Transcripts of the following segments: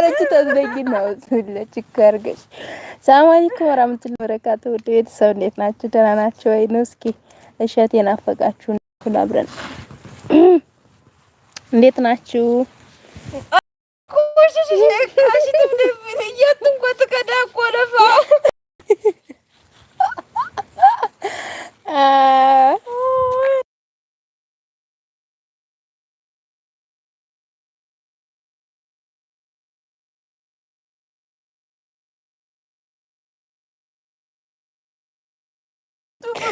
እያለች ታዝበኝና ወስለች ይካርገሽ። ሰላም አለይኩም ወራህመቱላሂ ወበረካቱ። ውድ ቤተሰብ እንዴት ናችሁ? ደህና ናችሁ ወይ? ነው እስኪ እሸት የናፈቃችሁ ሁሉ አብረን እንዴት ናችሁ?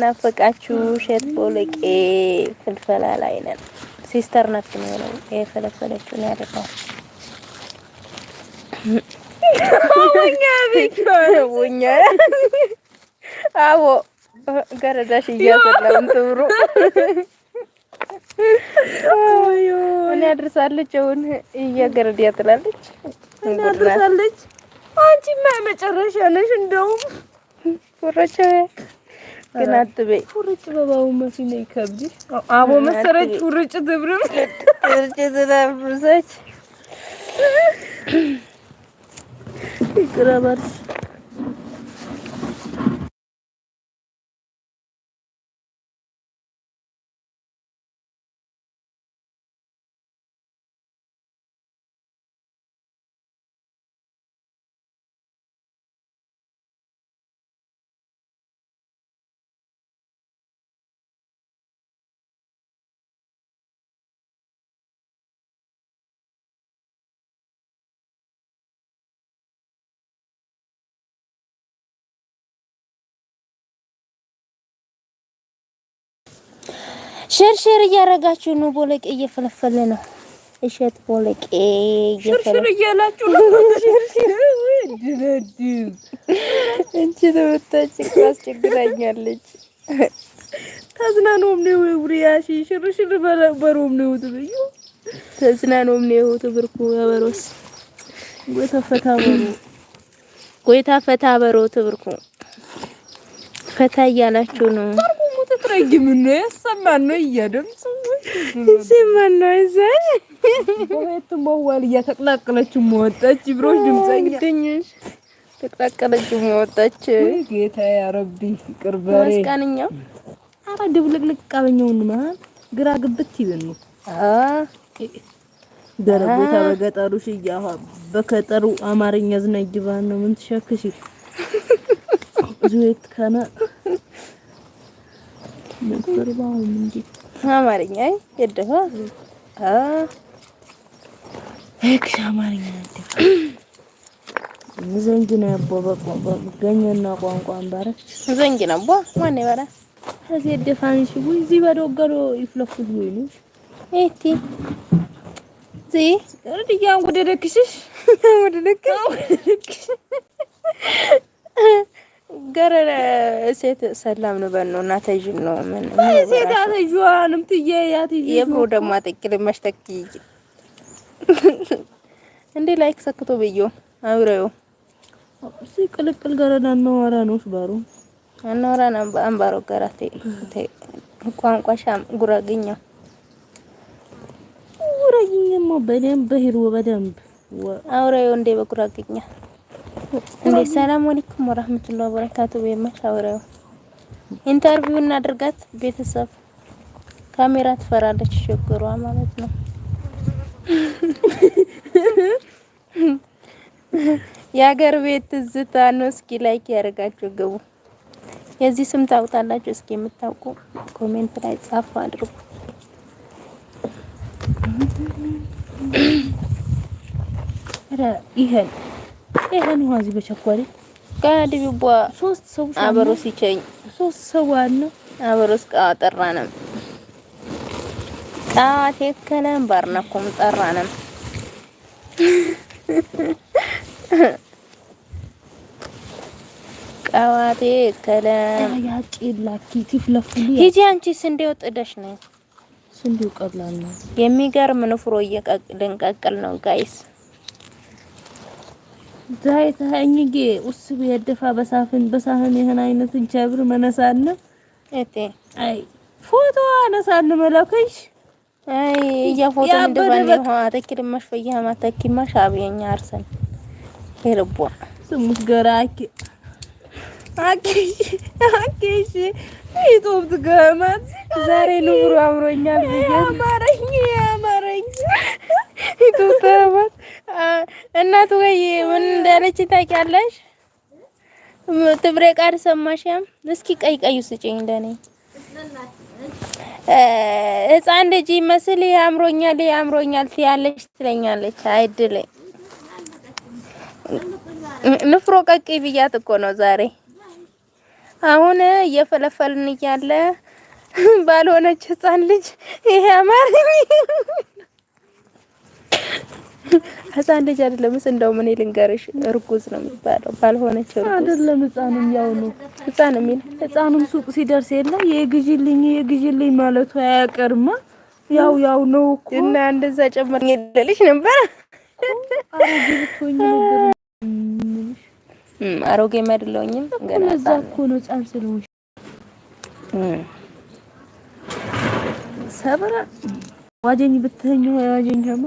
የናፈቃችሁ ሸት ቦለቄ ፍልፈላ ላይ ነን። ሲስተር ናት የሚሆነው የፈለፈለችው ነው ያደረገው። አዎ ገረዳሽ እያሰላም ትብሩ እኔ አድርሳለች። አሁን እያገረድ ያትላለች አድርሳለች። አንቺማ መጨረሻ ነሽ እንደውም ወረቻ Kanaat tabii. Kurucu baba olması ne kabdi? Abama sarı kurucu dıbrım. Kurucu dıbrım saç. ሸርሸር እያረጋችሁ ነው። ቦለቄ እየፈለፈለ ነው። እሸት ቦለቄ እየፈለፈለ እያላችሁ ነው። ሼር ሼር ድረድም እንጂ አስቸግራኛለች። ተዝናኖም ነው ውሪያሺ ሽር በሮም ነው ትብዩ ተዝናኖም ነው ትብርኩ ያበሮስ ጎይታ ፈታ በሮ ጎይታ ፈታ በሮ ትብርኩ ፈታ እያላችሁ ነው ረጅም ነው ያሰማን ነው እያደምጽ ይሰማን ነው መዋል ተቅላቀለች ጌታ ቅርበሬ መስቀንኛው አረ ድብልቅልቅ ቃበኛውን ግራ ግብት በገጠሩ በከጠሩ አማርኛ ዝናጅባን ነው ምን ትሸክሽ ዙት ነበር ባሁን እንዴ አማርኛ የደፋ አ እክሽ አማርኛ ዘንጊና አቦ በቋንቋ ገኘና ቋንቋ አንባረክ ዘንጊና አቦ ማን ይባራ እዚህ ደፋን ሽጉ እዚ በዶገሮ ይፍለፉት ይሉ እቲ ዚ ረድያን ወደ ደክሽሽ ወደ ደክሽ ገረረ ሴት ሰላም ነው በእነ እና ተይዥ ነው ምን ሴት ያተይዋንም ትዬ ያትይ የብሮ ደግሞ አጠቅል መሽተክ እንዴ ላይክ ሰክቶ ብዮ አብረዩ እሺ ቅልቅል ገረዳ እናወራ ነው ስባሩ እናወራ ነው አንባሮ ገራቴ ቋንቋሻም ጉራግኛ ጉራግኛማ በደንብ በሂሩ በደንብ አውራዩ እንዴ በጉራግኛ እንዴ ሰላም አለይኩም ወራህመቱላሂ ወበረካቱ። በማሻወራው ኢንተርቪው እናድርጋት። ቤተሰብ ካሜራ ትፈራለች፣ ችግሯ ማለት ነው። የሀገር ቤት ትዝታ ነው። እስኪ ላይክ ያደርጋችሁ ግቡ። የዚህ ስም ታውጣላችሁ። እስኪ የምታውቁ ኮሜንት ላይ ጻፍ አድርጉ። ይሄን ይሄን ዋዚ በቸኮሪ ጋዲ ቢቧ ሶስት ሰው አበሮስ ሶስት ሰው ቀዋቴ ከለም ሂጂ አንቺ ስንዴው ጥደሽ ነው። ስንዴው ቀላል ነው። የሚገርም ንፍሮ እየቀቅ ልንቀቅል ነው ጋይስ ዛይታኝጌ ውስብ የደፋ በሳፍን በሳህን ይሄን አይነት ጀብር መነሳነ እቴ አይ ፎቶ አነሳን መላከሽ አይ እያፎቶ እንደባለ ነው አተክር ማሽ ፈያ ማተክ ማሽ አብየኛ አርሰን ይርቦ ስሙት ገራኪ አኪሽ አኪሽ ይቶም ትገማት ዛሬ ኑሮ አምሮኛል ብዬ አማረኝ አማረኝ ይቶም እናቱ ወይ ምን እንዳለች ታውቂያለሽ? ትብሬ ቃል ሰማሽም? እስኪ ቀይ ቀዩ ስጭኝ ለኔ ህፃን ልጅ ይመስል ያምሮኛል ያምሮኛል ትያለሽ ትለኛለች። አይድለ ንፍሮ ቀቂ ብያት እኮ ነው ዛሬ። አሁን እየፈለፈልን እያለ ባልሆነች ህፃን ልጅ ይሄ አማርኝ ህፃን ልጅ አይደለም። እስ እንደው ምን ልንገርሽ፣ እርጉዝ ነው የሚባለው ባልሆነች እርጉዝ አይደለም። ህፃንም ያው ነው ህፃንም ይል ህፃንም ሱቅ ሲደርስ የለ የግዢልኝ የግዢልኝ ማለቱ አያቀርማ። ያው ያው ነው እኮ እና እንደዛ ጨመር ይደልሽ ነበር አሮጌ መድለውኝም ገና እዛ እኮ ነው ህፃን ስለሆንሽ ሰብራ ዋጀኝ ብትኝ ዋጀኝ ደግሞ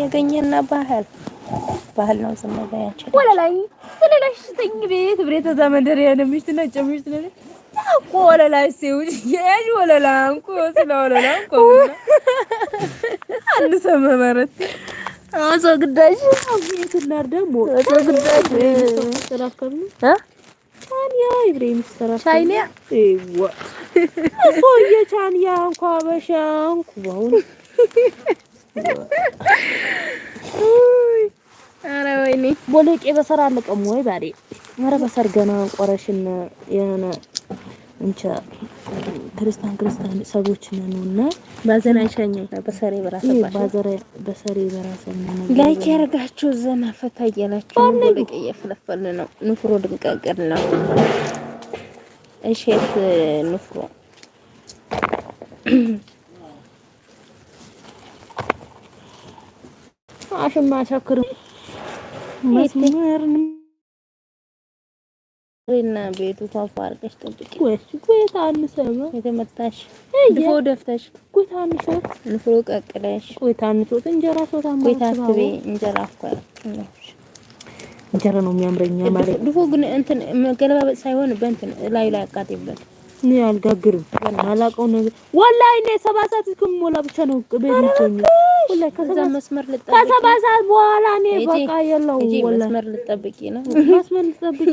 የገኘና ባህል ባህል ነው። ዝም ብለው ያንቺ ወለላይ ስለላሽ ቤት ብሬተ ተዛ መንደር ያለ ምሽት ነጭ ምሽት ነው እኮ ወለላይ ሲውል የያዥ ወለላ እንኮ ስለ ወለላ እንኮ አንድ ሰመመረት አዞ ግዳጅ አብይትና ደግሞ አዞ ግዳጅ ተላከም አ ቻንያ ኢብራሂም ሰራ ቻንያ እዋ እኮ የቻንያ እንኳ በሻንኩ ባሁን ኧረ ወይኔ ቦሎቄ በሰር አለቀም ወይ ባዴ? ኧረ በሰር ገና ቆረሽን የሆነ እንቻ ክርስቲያን ክርስቲያን ሰዎች ነን እና ባዘን አይሸኝም። በሰሬ በራሰባችሁ ባዘረ በሰሬ በራሰን ነው ላይክ ያርጋችሁ ዘና ፈታ እያላችሁ ቦሎቄ እየፈለፈል ነው። ንፍሮ ድንቅ ነው። እሸት ንፍሮ አሽማ ቸክር መስመርን እና ቤቱ ታፋርቀሽ ጠብቂ። ወይስ ጎታ አንሰማ የተመታሽ ድፎ ደፍተሽ ጎታ አንሶ ንፍሮ ቀቅለሽ ጎታ አንሶ እንጀራ ሶታ ማስባው እንጀራ እኮ እንጀራ ነው የሚያምረኛ ማለት ድፎ ግን እንትን መገለባበጥ ሳይሆን በእንትን ላይ ላይ አቃጥይበት እኔ አልጋግርም። አላውቀው ነገር ወላሂ እኔ ሰባት ሰዓት እስከምሞላ ብቻ ነው ቅቤት የሚገኘው። ወላሂ ከዛ መስመር ልጠብቂ ከሰባት ሰዓት በኋላ እኔ በቃ የለውም። ወላሂ መስመር ልጠብቂ ነው መስመር ልጠብቂ